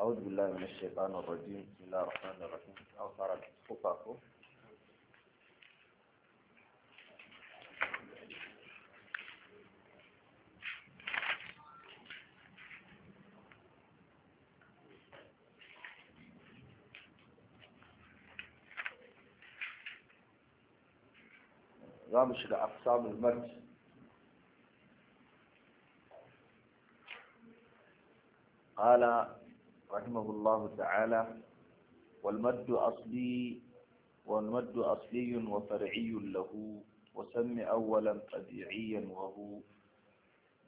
أعوذ بالله من الشيطان الرجيم بسم الله الرحمن الرحيم أو خطاكم نظام شد أقسام المرج قال رحمه الله تعالى والمد أصلي والمد أصلي وفرعي له وسم أولا طبيعيا وهو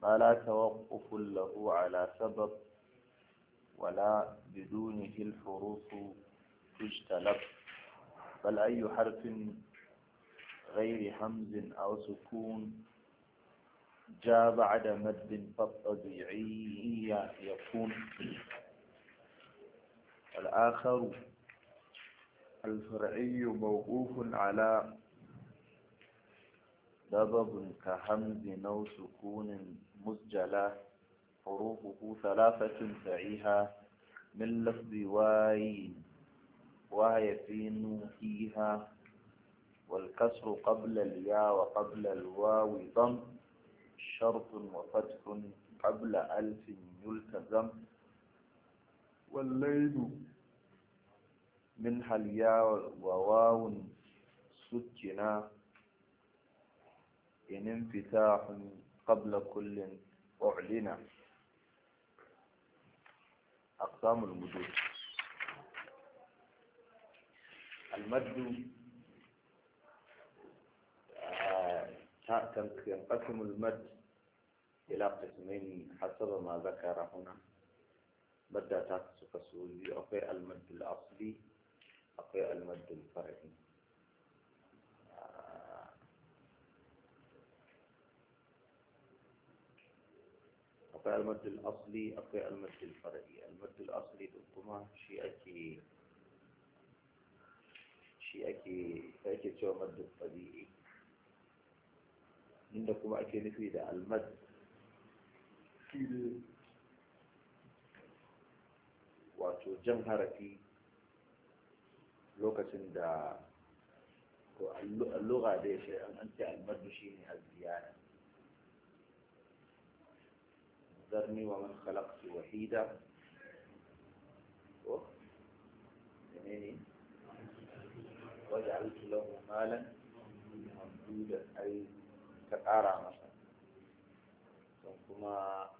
ما لا توقف له على سبب ولا بدونه الحروف تجتلب بل أي حرف غير همز أو سكون جاء بعد مد فالطبيعي يكون الآخر الفرعي موقوف على سبب كهمز نو سكون مسجلة حروفه ثلاثة فعيها من لفظ واي واي في نوحيها والكسر قبل الياء وقبل الواو ضم شرط وفتح قبل ألف يلتزم والليل من حاليا وواو سكنا إن انفتاح قبل كل أعلن أقسام المدود المد ينقسم آه، المد إلى قسمين حسب ما ذكر هنا بدأت تقصف سوري المد الأصلي akwai almaddul far'i akwai almaddul asli akwai almaddul far'i almaddul asli din kuma shi ake shi ake ake cewa maddul tabi'i inda kuma ake nufi da almad wato jan harafi lokacin da to allura da ya an ce almadu shi ne aziyara zarni wa man khalaqti wahida ko menene waja'altu lahu malan mamduda ay ta ƙara masa kuma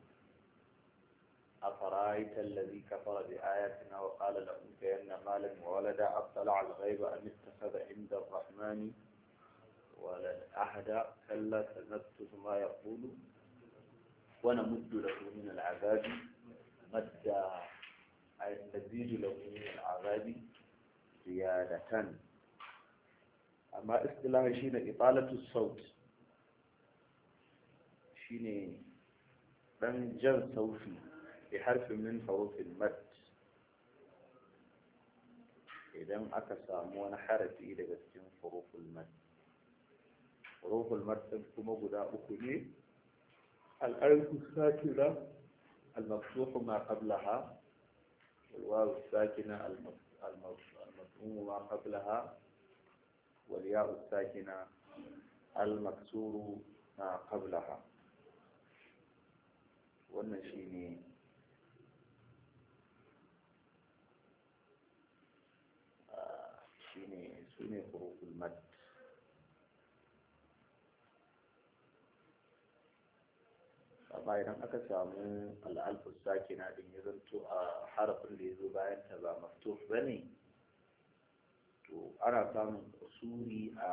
أفرأيت الذي كفر بآياتنا وقال له كأن مالا وولدا أطلع الغيب أم اتخذ عند الرحمن ولد أحد كلا سنكتب ما يقول ونمد له من العذاب مدا أي نزيد له من العذاب زيادة أما اصطلاح شين إطالة الصوت شين بن جر صوفي بحرف من حروف المد idan aka samu wani harafi daga cikin furuful mad furuful mad din kuma guda uku ne al-alfu sakira al-mafsuhu ma qablaha wal-wawu sakina al-mafhum ma qablaha wal-ya'u sakina al-maksuru ma qablaha wannan shine ne حروف المد bayan aka samu al'alfus sakina din ya zanto a harafin da ya zo bayan ta ba maftuf ba ne to ana samun usuri a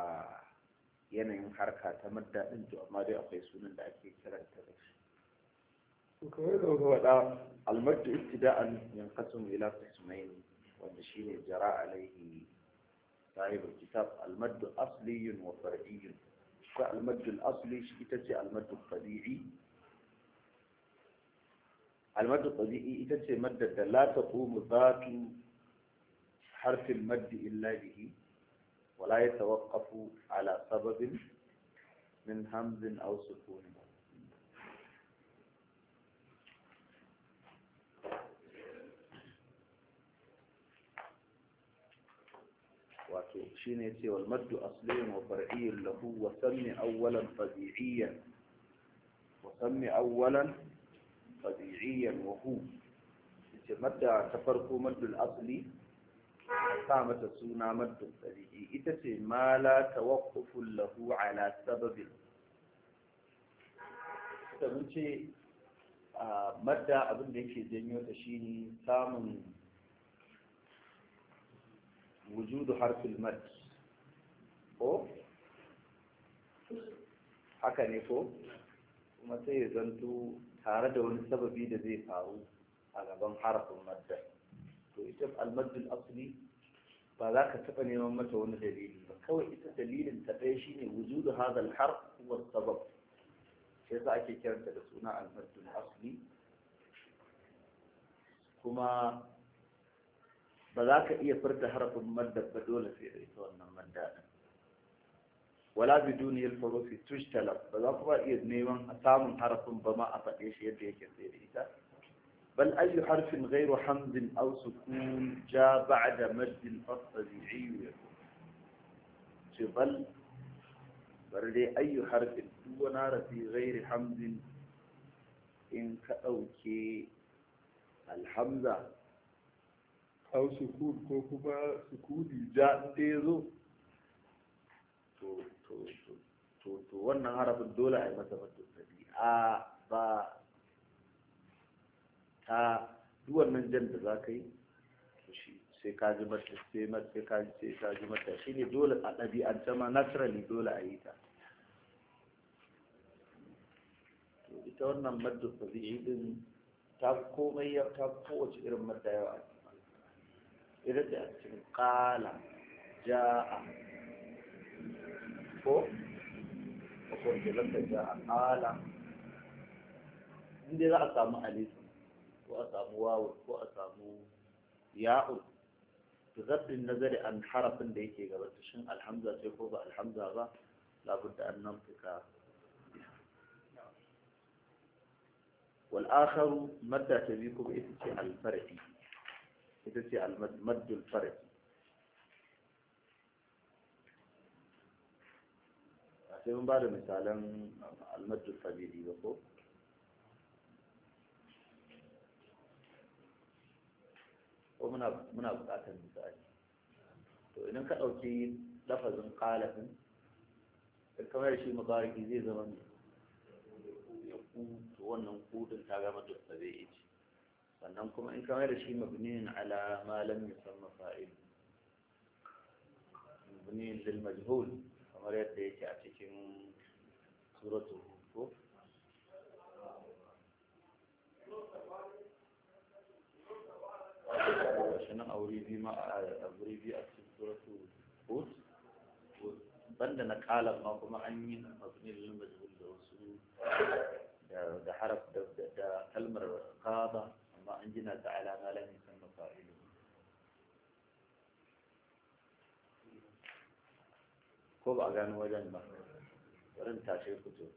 yanayin harka ta madda din to amma dai akwai sunan da ake ta da shi kamar da muka faɗa almaddu ibtida'an yanqasum ila qismayn wanda shine jara alaihi صاحب الكتاب المد أصلي وفرعي فالمد الأصلي إتتي المد الطبيعي المد الطبيعي إتتي مد لا تقوم ذات حرف المد إلا به ولا يتوقف على سبب من همز أو سكون wato shine ce wal maddu aslin wa far'iyyun lahu wa sammi awwalan fadi'iyyan wa sammi awwalan fadi'iyyan wa ce madda ta farko maddul asli sa mata suna maddul tabi'i ita ce ma la tawaqqufun lahu ala sababin ta mun ce ah, madda abin da yake janyo ta ne samun وجود حرف المد ko haka ne ko kuma sai ya zanto tare da wani sababi da zai faru a gaban harafin madda to ita almaddul asli ba za ka taɓa neman mata wani dalili ba kawai ita dalilin ta ɗaya shine wujudu hadha al-harf huwa sabab sai yasa ake kiranta da suna almaddul asli kuma بذاك إيه فرد هرب المدى بدولة في ريسوان المدى ولا بدون يلفظه في توش تلف بذاك هو إيه نيوان أسام هرب بما أطاقش يديك في الزيريتا بل أي حرف غير حمز أو سكون جاء بعد مد فالطبيعي يكون بل بردي أي حرف هو نار في غير حمز إن كأوكي الحمزة au sukud ko kuma sukudi ja ɗaya zo to wannan harafin dole a yi masa mutum a ba ta duk wannan jan da za ka yi sai ka ji mace sai mata sai ka ji sai ka ji shine dole a ɗabi'ance ma naturally dole a yi ta to ita wannan madda tabi'i din ta komai ta kowace irin madda yawa idan da cikin ƙala ja'a ko ko jalanta ja'a kala inda za a samu alifu ko a samu wawo ko a samu ya'u to zabbin nazari an harafin da yake gaba shin alhamza ce ko ba alhamza ba labudda an nan fika والآخر مدى تبيكم إذن الفرعي ita ce almadul faraj a sai mun ba da misalan almadul fabili ba ko ko muna bukatar misali to idan ka ɗauki lafazin da kamar shi mabariki zai zama ne ya ku wannan kudin ta gama duk da zai yi فانكم ان كان غير شيء مبنيين على ما لم يسمى فائده مبنيين للمجهول فمريت ليش اعطيكم صورته عشان اوريدي ما اوريدي اكتب صورته بوت بندنا قال ما هو معني مبني للمجهول ده حرف ده ده كلمه قاضه amma an gina ta ala ma lam yusamma fa'ilu ko ba a gano wajen ba wurin tashe fito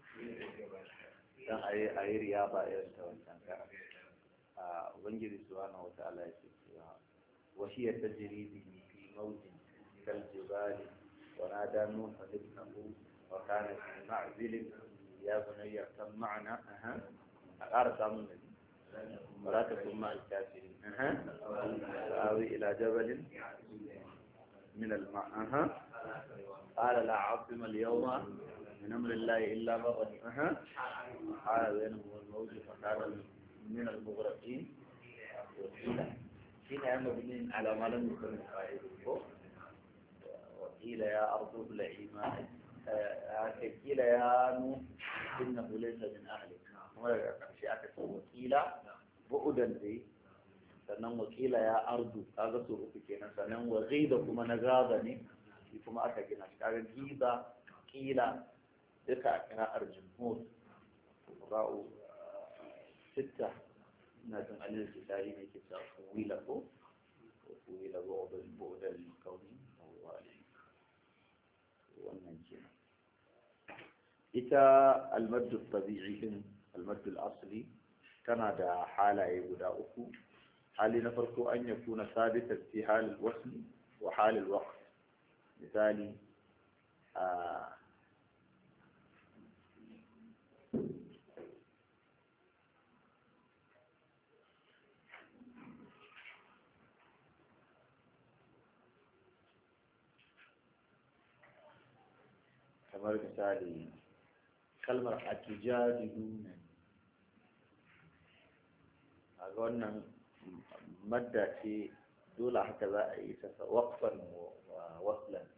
dan a yi riya ba irin ta wancan kara a ubangiji subhanahu wa ta'ala ya ce cewa wa hiya tajri bihi fi mawjin kal jibali wa da nuha ibnahu wa kana fi ma'zilin ya bunayya kam ma'ana aha a ƙara samun nabi ولا تكن مع الكافرين أها آوي إلى جبل من الماء أها قال لا عظم اليوم من أمر الله إلا ما أها قال بينهم والموج فكان من المغرقين وقيل يا مبنين على ما لم يكن قائده وقيل يا أرض ابلعي ماء آه، قيل يا نوح إنه ليس من أهلك kuma daga ƙarshe aka ce wakila bu'udan dai sannan wakila ya ardu kaga so uku kenan sannan wa da kuma na gaza ne shi kuma aka gina shi kaga giza kila duka a kira'ar jumhur ra'u sitta na jin alil kitari ne ke cewa wila ko wila bu'udan bu'udan kauni wannan kenan ita almaddu tabi'i din Almadul asli tana da halaye guda uku hali na farko an ya kuna sabitar fi halin wasli wa halin waqt misali a kamar misali kalmar atujadiluna a ga wannan madda ce dole haka za a yi sasa waqfan wa waslan ni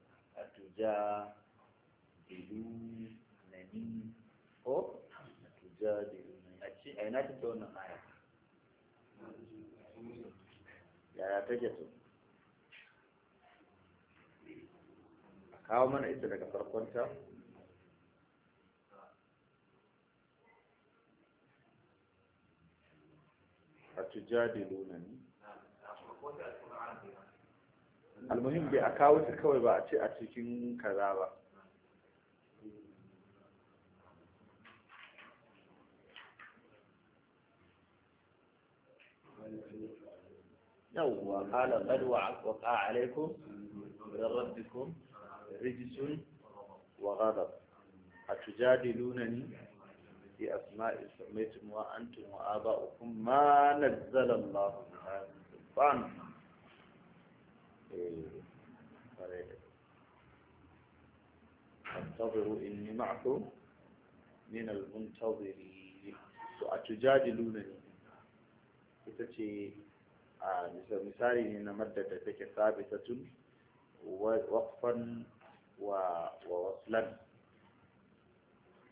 ko a atujadilunani a ci a ina ta wannan aya yaya take a kawo mana ita daga farkon ta a almuhim bai a kawo ta kawai ba a ce a cikin kaza ba yawwa qala qad waqa alaykum min rabbikum rijsun wa ghadab atujadilunani بأسماء سميتم وأنتم وآباؤكم ما نزل الله بها من سلطان فانتظروا إني معكم من المنتظرين سأتجادلونني itace a misali ne na madda da take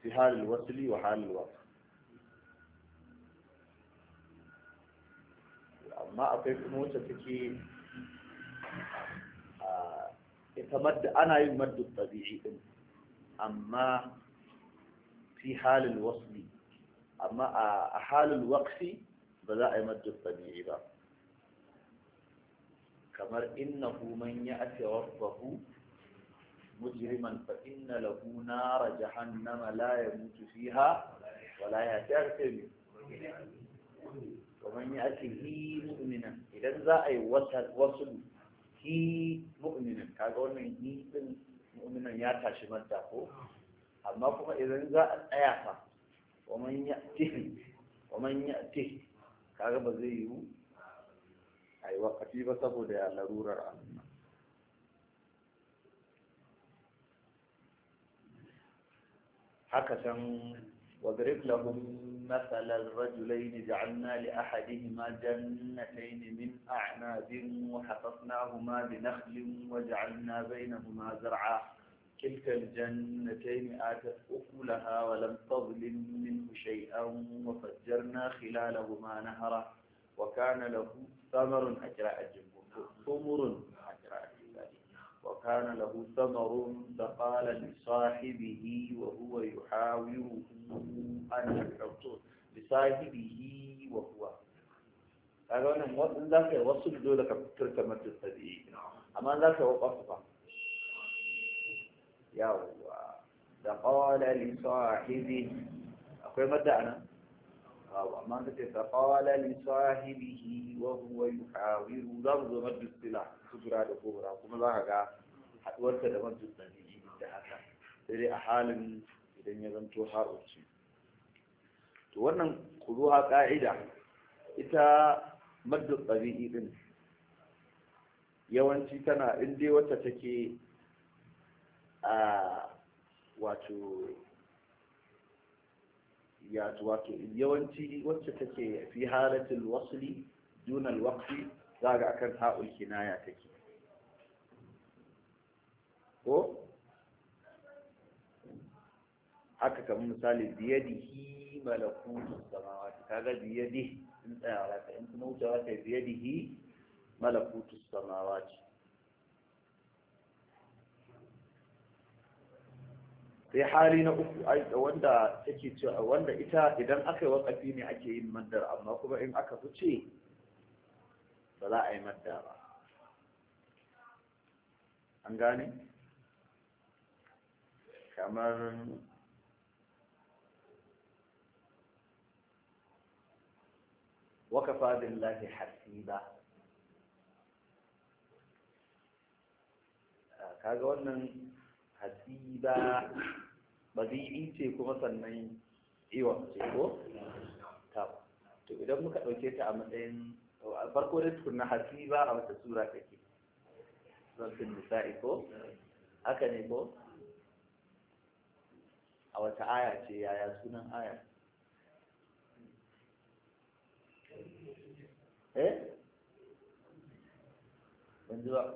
في حال الوصل وحال الوقف ما أبيك موسى تكي آه، إذا أنا يمد الطبيعي أما في حال الوصل أما حال الوقف بدا يمد الطبيعي كما إنه من يأتي ربه mujriman fa inna lahu nara jahannama la yamutu fiha wa la yahtasib kamar ya ake hi mu'minan idan za a wasu hi mu'minan kaga wannan hi din ya tashi matako. amma kuma idan za a tsaya fa ومن يأته ومن يأته كاغا بزيو أي وقتي بسبب لرورة الأمة حكثاً وَاضْرِبْ لَهُمْ مثل الرجلين جعلنا لأحدهما جنتين من أعناب وحفظناهما بنخل وجعلنا بينهما زرعا كلتا الجنتين آتت أكلها ولم تظلم منه شيئا وفجرنا خلالهما نهرا وكان له ثمر أجراء الجمهور ثمر وكان له ثمر فقال لصاحبه وهو يحاوره أنا يحطه لصاحبه وهو قال أنا ما ذاك وصل دولك بترك ما تستدعي أما ذاك وقفها يا الله فقال لصاحبه أخوي ما دعنا أو فقال لصاحبه وهو يحاوره لفظ ما تستلعه Kudura da gobara kuma za ka ga haɗuwar ta da duk da da haka sai dai a halin idan ya zanto harurci to wannan kuruha ƙa'ida ita maddu ɗabi'i ɗin yawanci tana inda wata wacce take a wato ya wato yawanci wacce take fi halatul wasli dunal waqfi za ga akan ha'ul kinaya take ko haka kamar misali biyadihi malakutu samawati kaga biyadi in tsaya raka in kuma wucewa ta biyadihi malakutu samawati sai hali na uku wanda take cewa wanda ita idan aka yi wakafi ne ake yin mandar amma kuma in aka fice ba za a yi madda ba an gane kamar waka wakafa billahi hasiba ah, kaga wannan hasiba yi ce kuma sannan iwa ce ko to idan muka ɗauke ta a matsayin farko da tukunna hasi ba a wata sura kake sautin nisa'i ko haka ne ko a wata aya ce yaya sunan aya eh yanzu ba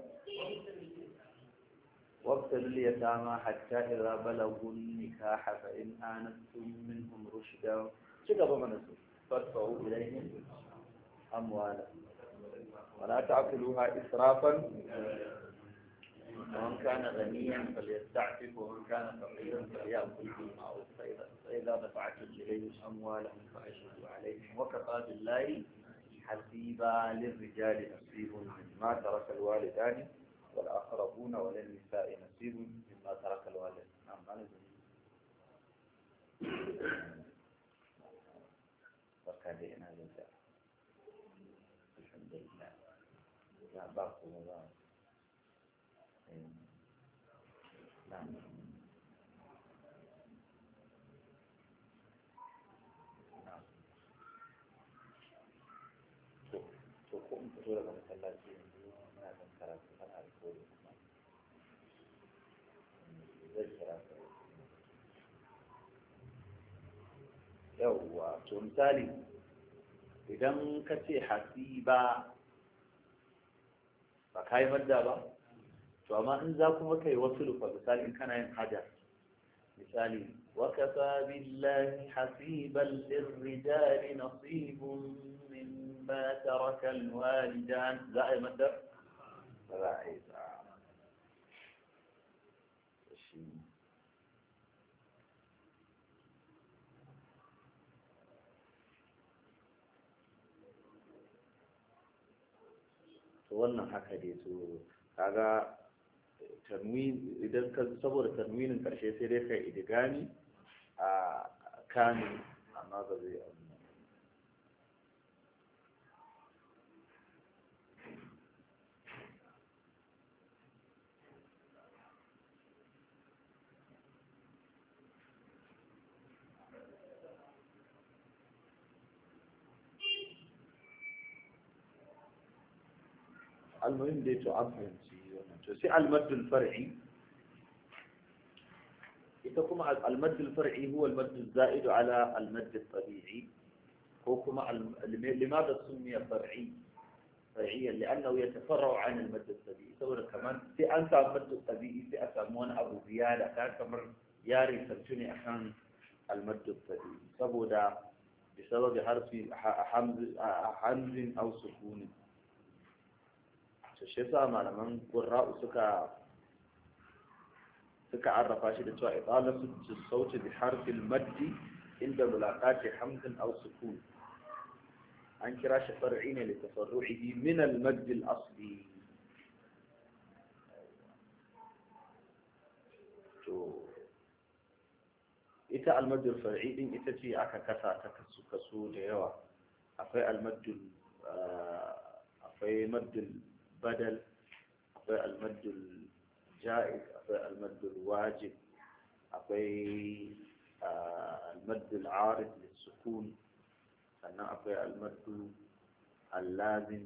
وابتلوا اليتامى حتى إذا بلغوا النكاح فإن آنستم منهم رشدا شكرا من فادفعوا إليهم أموالا ولا تعقلوها إسرافا ومن كان غنيا فليستعفف ومن كان فقيرا فليأكل بالمعروف فإذا دفعتم إليهم أموالهم فأشهدوا عليهم وكفى بالله حسيبا للرجال نصيب مما ترك الوالدان والأقربون وللنساء نصيب مما ترك الوالدان نعم ba ku ne ba eh. to ko in fito daga masallaci yanzu muna kan karatu kana alkori kuma zai kira ka yawwa to misali idan ka ce hasiba ba kai madda ba to amma in za kuma kai wasu lufa misali in kana yin haja misali wa kafa وكفى بالله حسيبا للرجال نصيب مما ترك الوالدان لا يمدر لا عيسى to wannan haka dai so kaga tanwin idan ka saboda tanwinin karshe sai dai ka idigami a kani amma ba zai المهم دي تعفن سي المد الفرعي يتقوم المد الفرعي هو المد الزائد على المد الطبيعي هو كما الم... لماذا سمي فرعي فرعيا لانه يتفرع عن المد الطبيعي تقول كمان في انت المد الطبيعي في اسمون ابو زيادة كان كمان ياري سرتني احان المد الطبيعي تبو بسبب حرف حمز حمز او سكون to shi yasa malaman qurra'u suka suka arrafa shi da cewa italatu sauti bi harfi al maddi inda mulaqati hamdin aw sukun an kira shi far'i ne li tafarruhi min al madd al asli to ita al madd al far'i din ita ce aka kasa ta kasu kaso da yawa akwai al madd akwai madd بدل أقوي المد الجائز أقوي المد الواجب أقوي آه، المد العارض للسكون أنا أقوي المد اللازم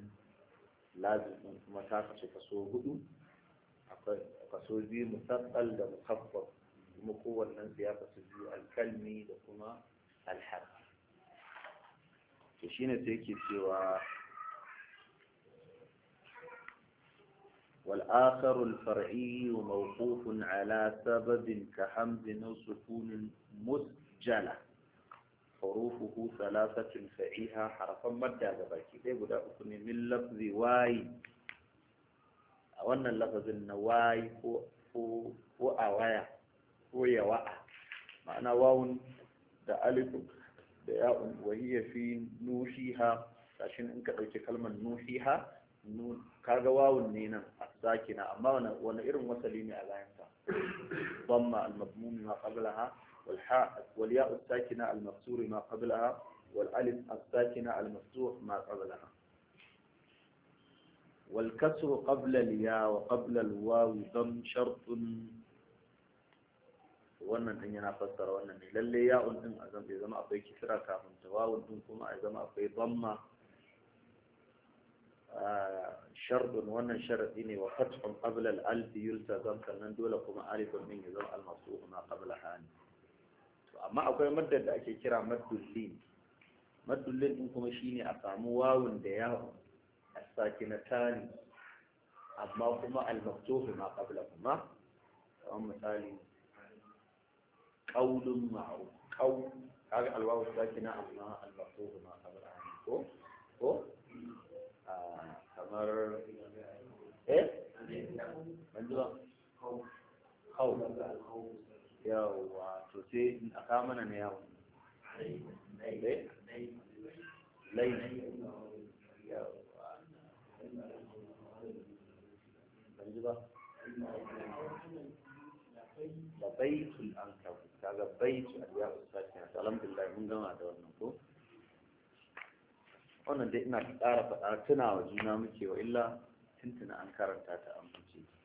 لازم متاخر تاخذ فسوه هدو فسوه دي مثقل ده مخفض مقوى النزياء فسوه دي الكلمي ده الحرف فشينا تيكي سوى والآخر الفرعي موقوف على سبب كحمز أو سكون مسجلة حروفه ثلاثة فعيها حرفا مدى باكي دي قد أكون من لفظ واي أولا لفظ النواي هو هو هو أوايا هو يواء معنى واو دا ألف da ya'un wahiyya fi nushiha sashin in ka ɗauki kalmar nun kaga wawun ne nan sakina amma wani irin wasali ne a bayan ta dhamma al-madmum ma qablaha wal ha wal ya as-sakina al-maksur ma qablaha wal alif as-sakina al-maftuh ma qablaha wal kasru qabla al-ya wa qabla al-waw dam shartun wannan din yana fassara wannan ne lalle ya'un din a zama akwai kisra kafin ta wawun din kuma a zama akwai dhamma شرب وانا شر الدين وفتح قبل الألف يلتزم كان دولة كما ألف من يزم المصروح ما قبل حان وما أقول مدد أكي كرا مدد اللين مدد اللين انكم شيني أقاموا واو دياه الساكنتان أما كما المفتوح ما قبل كما مثال قول معروف قول هذا الواو الساكنة أما المفتوح ما قبل حان kamar eh banduwa hau yawa to sai a kama na yawon eh laini yawa banduwa لبيك الأنكبوت هذا بيت الياء الساكنة الحمد لله من جمع دولنا wannan da ina ƙara faɗa tunawa juna muke wa illa tuntuna an karanta ta amince